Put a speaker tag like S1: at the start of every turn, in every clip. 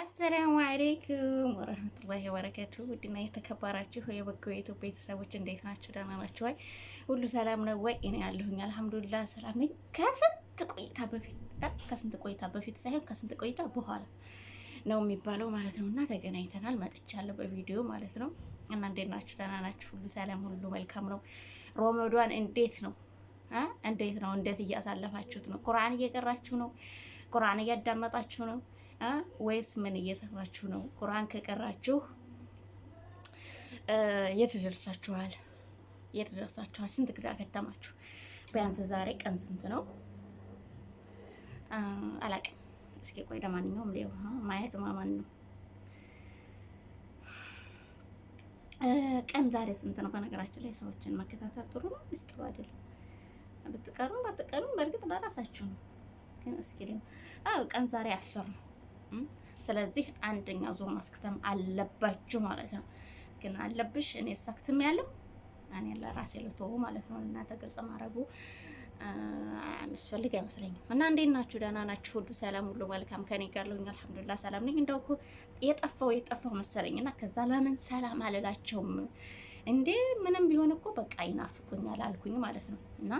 S1: አሰላሙ አለይኩም ወረህመቱላሂ ወበረከቱ። ውድና የተከበራችሁ የበጎ የኢትዮ ቤተሰቦች እንዴት ናችሁ? ደህና ናችሁ ወይ? ሁሉ ሰላም ነው ወይ? እኔ ያለሁኝ አልሐምዱሊላህ ሰላም ነኝ። ከስንት ቆይታ በፊት ከስንት ቆይታ በፊት ሳይሆን ከስንት ቆይታ በኋላ ነው የሚባለው ማለት ነው። እና ተገናኝተናል፣ መጥቻለሁ በቪዲዮ ማለት ነው። እና እንዴት ናችሁ? ደህና ናችሁ? ሁሉ ሰላም፣ ሁሉ መልካም ነው። ሮመዷን እንዴት ነው? እንዴት ነው? እንዴት እያሳለፋችሁት ነው? ቁርአን እየቀራችሁ ነው? ቁርአን እያዳመጣችሁ ነው? ወይስ ምን እየሰራችሁ ነው? ቁርአን ከቀራችሁ የት ደርሳችኋል? የት ደርሳችኋል? ስንት ጊዜ አከተማችሁ? ቢያንስ ዛሬ ቀን ስንት ነው? አላቅም። እስኪ ቆይ ለማንኛውም ሌው ማየት ማማን ነው። ቀን ዛሬ ስንት ነው? በነገራችን ላይ ሰዎችን መከታተል ጥሩ ነው፣ ስ አይደለም። ብትቀሩም ባትቀሩም በእርግጥ ለራሳችሁ ነው። ግን እስኪ ቀን ዛሬ አስር ነው ስለዚህ አንደኛ ዙር ማስክተም አለባችሁ ማለት ነው። ግን አለብሽ እኔ ሳክትም ያለው እኔ ለራሴ ልተው ማለት ነው። እናንተ ግልጽ ማድረጉ የሚያስፈልግ አይመስለኝም። እና እንዴት ናችሁ? ደህና ናችሁ? ሁሉ ሰላም፣ ሁሉ መልካም ከኔ ጋር ለሁኝ። አልሐምዱሊላህ ሰላም ነኝ። እንደው እኮ የጠፋው የጠፋው መሰለኝ እና ከዛ ለምን ሰላም አልላቸውም እንዴ? ምንም ቢሆን እኮ በቃ ይናፍቁኛል አልኩኝ ማለት ነው። እና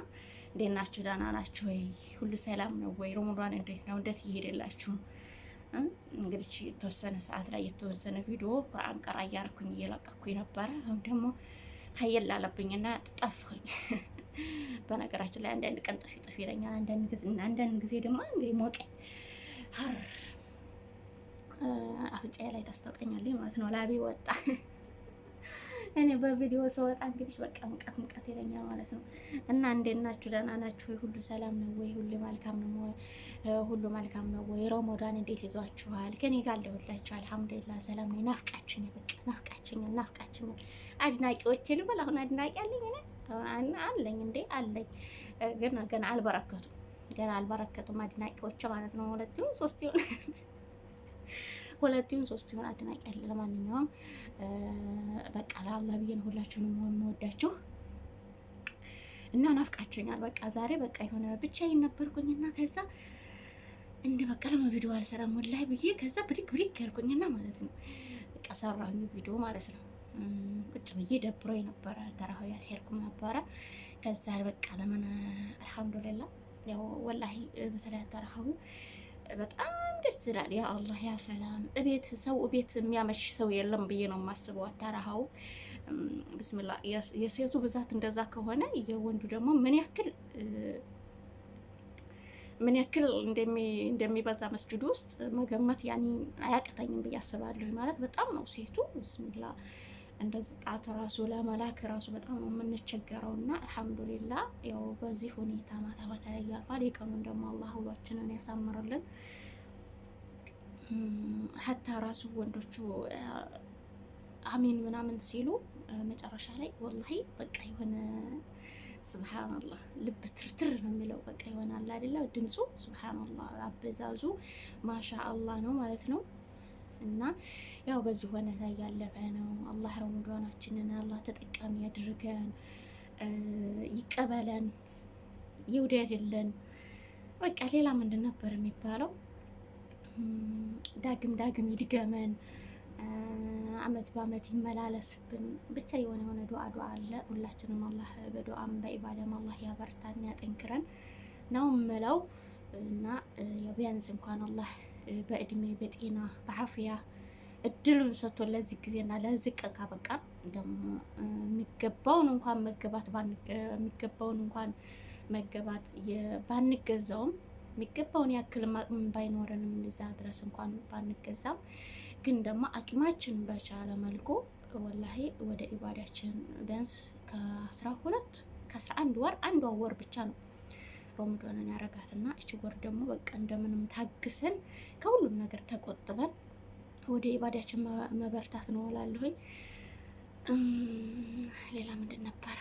S1: እንዴት ናችሁ? ደህና ናችሁ ወይ? ሁሉ ሰላም ነው ወይ? ሮሞዷን እንዴት ነው? እንዴት እየሄደላችሁ እንግዲህ የተወሰነ ሰዓት ላይ የተወሰነ ቪዲዮ አንቀራ እያረኩኝ እየለቀኩኝ ነበረ። አሁን ደግሞ ከየል ላለብኝና ጠፋኝ። በነገራችን ላይ አንዳንድ ቀን ጥፊ ጥፊ ይለኛል። አንዳንድ ጊዜ አንዳንድ ጊዜ ደግሞ እንግዲህ ሞቄ ሀር አፍንጫዬ ላይ ታስታውቀኛለች ማለት ነው። ላቤ ወጣ። እኔ በቪዲዮ ስወጣ እንግዲህ በቃ ሙቀት ሙቀት ይለኛል ማለት ነው። እና እንዴት ናችሁ? ደህና ናችሁ ሁሉ ሰላም ነው ወይ? ሁሉ መልካም ነው ወይ? ሁሉ መልካም ነው ወይ? ሮሞዳን እንዴት ይዟችኋል? ከኔ ጋር አለሁላችሁ። አልሐምዱሊላህ ሰላም ነው። ናፍቃችሁኝ፣ በቃ ናፍቃችሁኝ፣ ናፍቃችሁኝ አድናቂዎች ልበል። አሁን አድናቂ አለኝ እኔ አለኝ እንዴ አለኝ፣ ግን ገና አልበረከቱም ገና አልበረከቱም አድናቂዎች ማለት ነው። ሁለት ሶስት ይሆናል ሁለቱም ሶስት ይሁን አድናቂ ለማንኛውም በቃ ለአላህ ብዬ ነው ሁላችሁንም የምወዳችሁ እና ናፍቃችሁኛል። በቃ ዛሬ በቃ የሆነ ብቻዬን ነበርኩኝና ከዛ እንደ በቃ ለምን ቪዲዮ አልሰራም ወላሂ ብዬ ከዛ ብድግ ብድግ ያልኩኝና ማለት ነው በቃ ሰራሁኝ ቪዲዮ ማለት ነው። ቁጭ ብዬ ደብሮ ነበረ ተራሁ ያልሄድኩም ነበረ። ከዛ በቃ ለምን አልሐምዱሊላህ ያው ወላሂ በተለይ ተራሁ በጣም ደስ ይላል። ያ አላህ ያ ሰላም። እቤት ሰው እቤት የሚያመሽ ሰው የለም ብዬ ነው የማስበው። አታራሃው ብስምላ። የሴቱ ብዛት እንደዛ ከሆነ የወንዱ ደግሞ ምን ያክል ምን ያክል እንደሚበዛ መስጅድ ውስጥ መገመት ያን አያቅተኝም ብዬ አስባለሁ። ማለት በጣም ነው ሴቱ ብስምላ እንደዚህ ጣት ራሱ ለመላክ ራሱ በጣም ነው የምንቸገረው። እና አልሐምዱሊላ ያው በዚህ ሁኔታ ማታ ማታ ላይ ያልፋል። የቀኑን ደግሞ አላህ ሁላችንን ያሳምርልን። ሀታ ራሱ ወንዶቹ አሚን ምናምን ሲሉ መጨረሻ ላይ ወላሂ በቃ የሆነ ስብሓንላህ ልብ ትርትር ነው የሚለው። በቃ ይሆናል አይደለ? ድምፁ ስብሓንላህ አበዛዙ አላ ነው ማለት ነው። እና ያው በዚህ ሁኔታ እያለፈ ነው። አላህ ረመዷናችንን አላህ ተጠቃሚ ያድርገን፣ ይቀበለን፣ ይውደድልን። በቃ ሌላ ምንድን ነበር የሚባለው? ዳግም ዳግም ይድገመን፣ አመት በአመት ይመላለስብን። ብቻ የሆነ የሆነ ዱዓ ዱዓ አለ። ሁላችንም አላህ በዱዓም በኢባዳም አላህ ያበርታን ያጠንክረን ነው ምለው እና ቢያንስ እንኳን አላህ በእድሜ በጤና በአፍያ እድሉን ሰጥቶ ለዚህ ጊዜና ለዚህ ቀን በቃ ደግሞ የሚገባውን እንኳን መገባት የሚገባውን እንኳን መገባት ባንገዛውም የሚገባውን ያክል አቅም ባይኖረንም እንደዛ ድረስ እንኳን ባንገዛም ግን ደግሞ አቅማችን በቻለ መልኩ ወላሂ ወደ ኢባዳችን ቢያንስ ከአስራ ሁለት ከአስራ አንድ ወር አንዷ ወር ብቻ ነው ሮምዶንን ያረጋት ያረጋትና እች ወር ደግሞ በቃ እንደምንም ታግሰን ከሁሉም ነገር ተቆጥበን ወደ ኢባዳችን መበርታት ነው እላለሁኝ። ሌላ ምንድን ነበረ?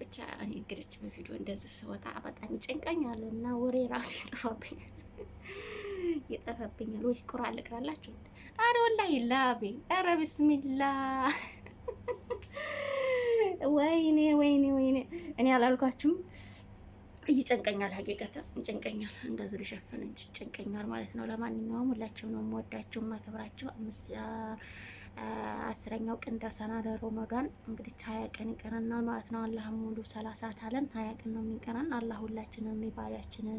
S1: ብቻ እኔ እንግዲህ በቪዲዮ እንደዚህ ስወጣ በጣም ይጨንቀኛል እና ወሬ ራሱ ይጠፋብኛል ይጠፋብኛል። ወይ ቁራ ልቅራላችሁ። አረ ወላሂ ላቤ አረ ብስሚላ ወይኔ ወይኔ ወይኔ እኔ አላልኳችሁም። ይጨንቀኛል፣ ሀቂቀት ይጨንቀኛል። እንደዚህ ልሸፍን እንጂ ይጨንቀኛል ማለት ነው። ለማንኛውም ሁላችሁም ነው የምወዳችሁ የማከብራችሁ አምስት አስረኛው ቀን ደርሰናል። ረመዳን እንግዲህ ሀያ ቀን ይቀረናል ማለት ነው። አላህ ሙሉ ሰላሳ ታለን ሀያ ቀን ነው የሚቀረን። አላህ ሁላችንን ኢባዳችንን፣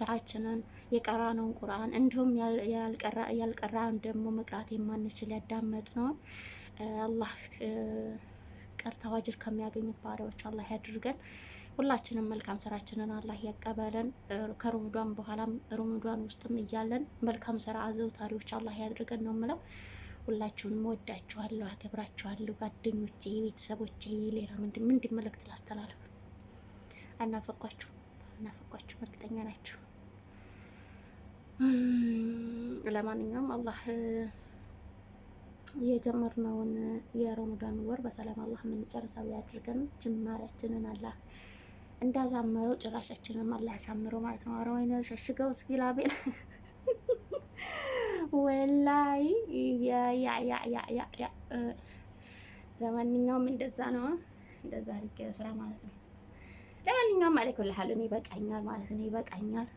S1: ዱዓችንን፣ የቀራነውን ቁርአን እንዲሁም ያልቀራን ደግሞ መቅራት የማንችል ያዳመጥ ነው አላህ ቀርተው አጅር ከሚያገኙት ባሪያዎች አላህ ያድርገን። ሁላችንም መልካም ስራችንን አላህ ያቀበለን። ከረመዳን በኋላም ረመዳን ውስጥም እያለን መልካም ስራ አዘውታሪዎች አላህ ያድርገን ነው የምለው። ሁላችሁንም ወዳችኋለሁ፣ አከብራችኋለሁ ጓደኞቼ፣ ቤተሰቦቼ። ሌላ ምንድን ምንድን መልእክት ላስተላለፍ? አናፈቋችሁ አናፈቋችሁ፣ እርግጠኛ ናችሁ። ለማንኛውም አላህ የጀመርነውን የረመዳን ወር በሰላም አላህ የምንጨርሰው ያድርገን። ጅማሪያችንን አላህ እንዳሳመረው ጭራሻችንም አላህ ያሳምረው ማለት ነው። አረ ወይኔ ሸሽገው እስኪ ላቤል ወላይ ያያያያያ ለማንኛውም እንደዛ ነው። እንደዛ አድርጌ ስራ ማለት ነው። ለማንኛውም አለይኩም ለሐለም ይበቃኛል ማለት ነው። ይበቃኛል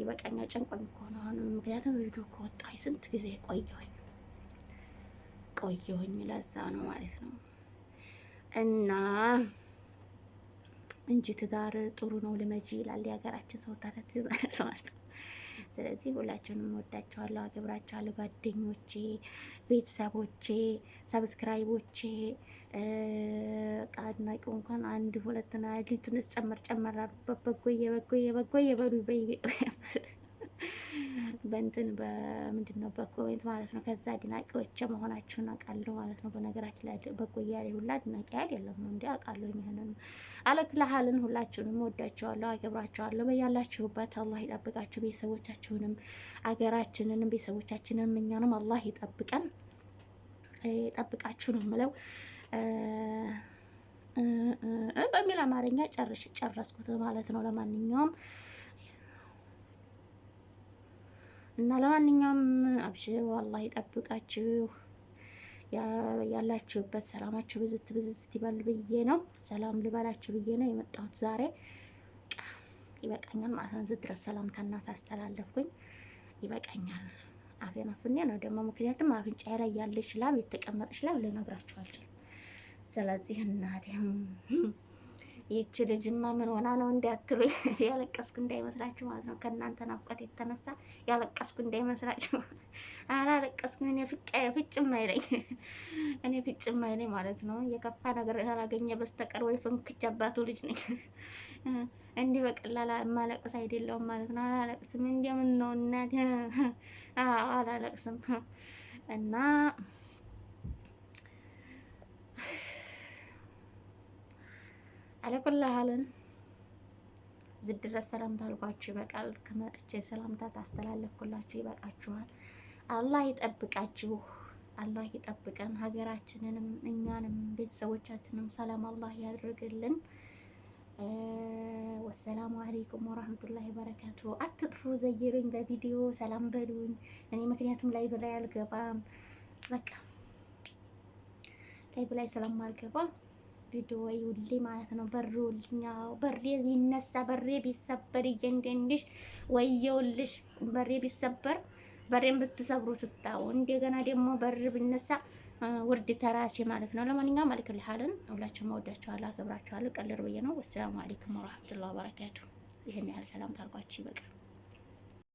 S1: ይበቃኛል። ጨንቆኝ እኮ ነው አሁን። ምክንያቱም ቪዲዮ ከወጣኝ ስንት ጊዜ ቆየሁኝ ቆየሁኝ። ለዛ ነው ማለት ነው እና እንጂ ትዳር ጥሩ ነው ልመጂ ይላል የሀገራችን ሰው ተረት ማለት ስለዚህ ሁላችሁንም ወዳችኋለሁ፣ አገብራችኋለሁ። ጓደኞቼ፣ ቤተሰቦቼ፣ ሰብስክራይቦቼ አድናቂ እንኳን አንድ ሁለት ና ትንሽ ጨመር ጨመር አድርጉበት። የበጎ የበጎ የበሉ በይ በእንትን በምንድን ነው በኮሜንት ማለት ነው። ከዛ አድናቂዎች መሆናችሁን አውቃለሁ ማለት ነው። በነገራችን ላይ በጎ እያለ ሁላ አድናቂ አይደለም እንዲ አውቃለሁ። የሚሆንን አለክላሃልን ሁላችሁንም ወዳቸዋለሁ፣ አገብራቸዋለሁ። በያላችሁበት አላህ ይጠብቃችሁ፣ ቤተሰቦቻችሁንም፣ አገራችንንም፣ ቤተሰቦቻችንንም እኛንም አላህ ይጠብቀን፣ ይጠብቃችሁ ነው ምለው በሚል አማርኛ ጨርሽ ጨረስኩት ማለት ነው። ለማንኛውም እና ለማንኛውም አብሽር አላህ ይጠብቃችሁ። ያላችሁበት ሰላማችሁ ብዝት ብዝት ይበል ብዬ ነው። ሰላም ልበላችሁ ብዬ ነው የመጣሁት ዛሬ። ይበቃኛል ማለት ነው። እዚህ ድረስ ሰላም ከእናት አስተላለፍኩኝ። ይበቃኛል። አፌን አፍኜ ነው ደግሞ ምክንያቱም አፍንጫ ላይ ያለች ላብ የተቀመጠች ላብ ልነግራችሁ አልችልም። ስለዚህ እናቴም ይቺ ልጅማ ምን ሆና ነው እንዲያትሉ ያለቀስኩ እንዳይመስላችሁ ማለት ነው። ከእናንተ ናፍቀት የተነሳ ያለቀስኩ እንዳይመስላችሁ። አላለቀስኩ እኔ ፍጭም አይለኝ እኔ ፍጭም አይለኝ ማለት ነው። የከፋ ነገር ካላገኘ በስተቀር ወይ ፍንክች አባቱ ልጅ ነኝ። እንዲህ በቀላል ማለቅስ አይደለውም ማለት ነው። አላለቅስም እንዲምን ነው እናት አላለቅስም እና አለቆላሃልን እዚህ ድረስ ሰላምታ አልኳችሁ ይበቃል። ከመጥቼ ሰላምታ ታስተላለፍኩላችሁ ይበቃችኋል። አላህ ይጠብቃችሁ፣ አላህ ይጠብቀን። ሀገራችንንም እኛንም ቤተሰቦቻችንም ሰላም አላህ ያድርግልን። ወሰላሙ አሌይኩም ወራህመቱላሂ በረካቱ። አትጥፉ፣ ዘይሩኝ፣ በቪዲዮ ሰላም በሉኝ። እኔ ምክንያቱም ላይ ብላይ አልገባም፣ በቃ ላይ ብላይ ሰላም አልገባም። ቢዶ ወይ ይውልኝ ማለት ነው። በሬ ይውልኝ፣ አዎ በሬ ቢነሳ በሬ ቢሰበር እየንደንድሽ ወየውልሽ። በሬ ቢሰበር በሬን ብትሰብሩ ስታው እንደገና ደግሞ በር ቢነሳ ውርድ ተራሴ ማለት ነው። ለማንኛውም ማሊክ ልሃለን ሁላችሁም ወዳችኋለሁ፣ አከብራችኋለሁ። ቀልር ብዬ ነው። ወሰላሙ አለይኩም ወራህመቱላሂ ወበረካቱ። ይሄን ያህል ሰላም ታርጓችሁ ይበቃል።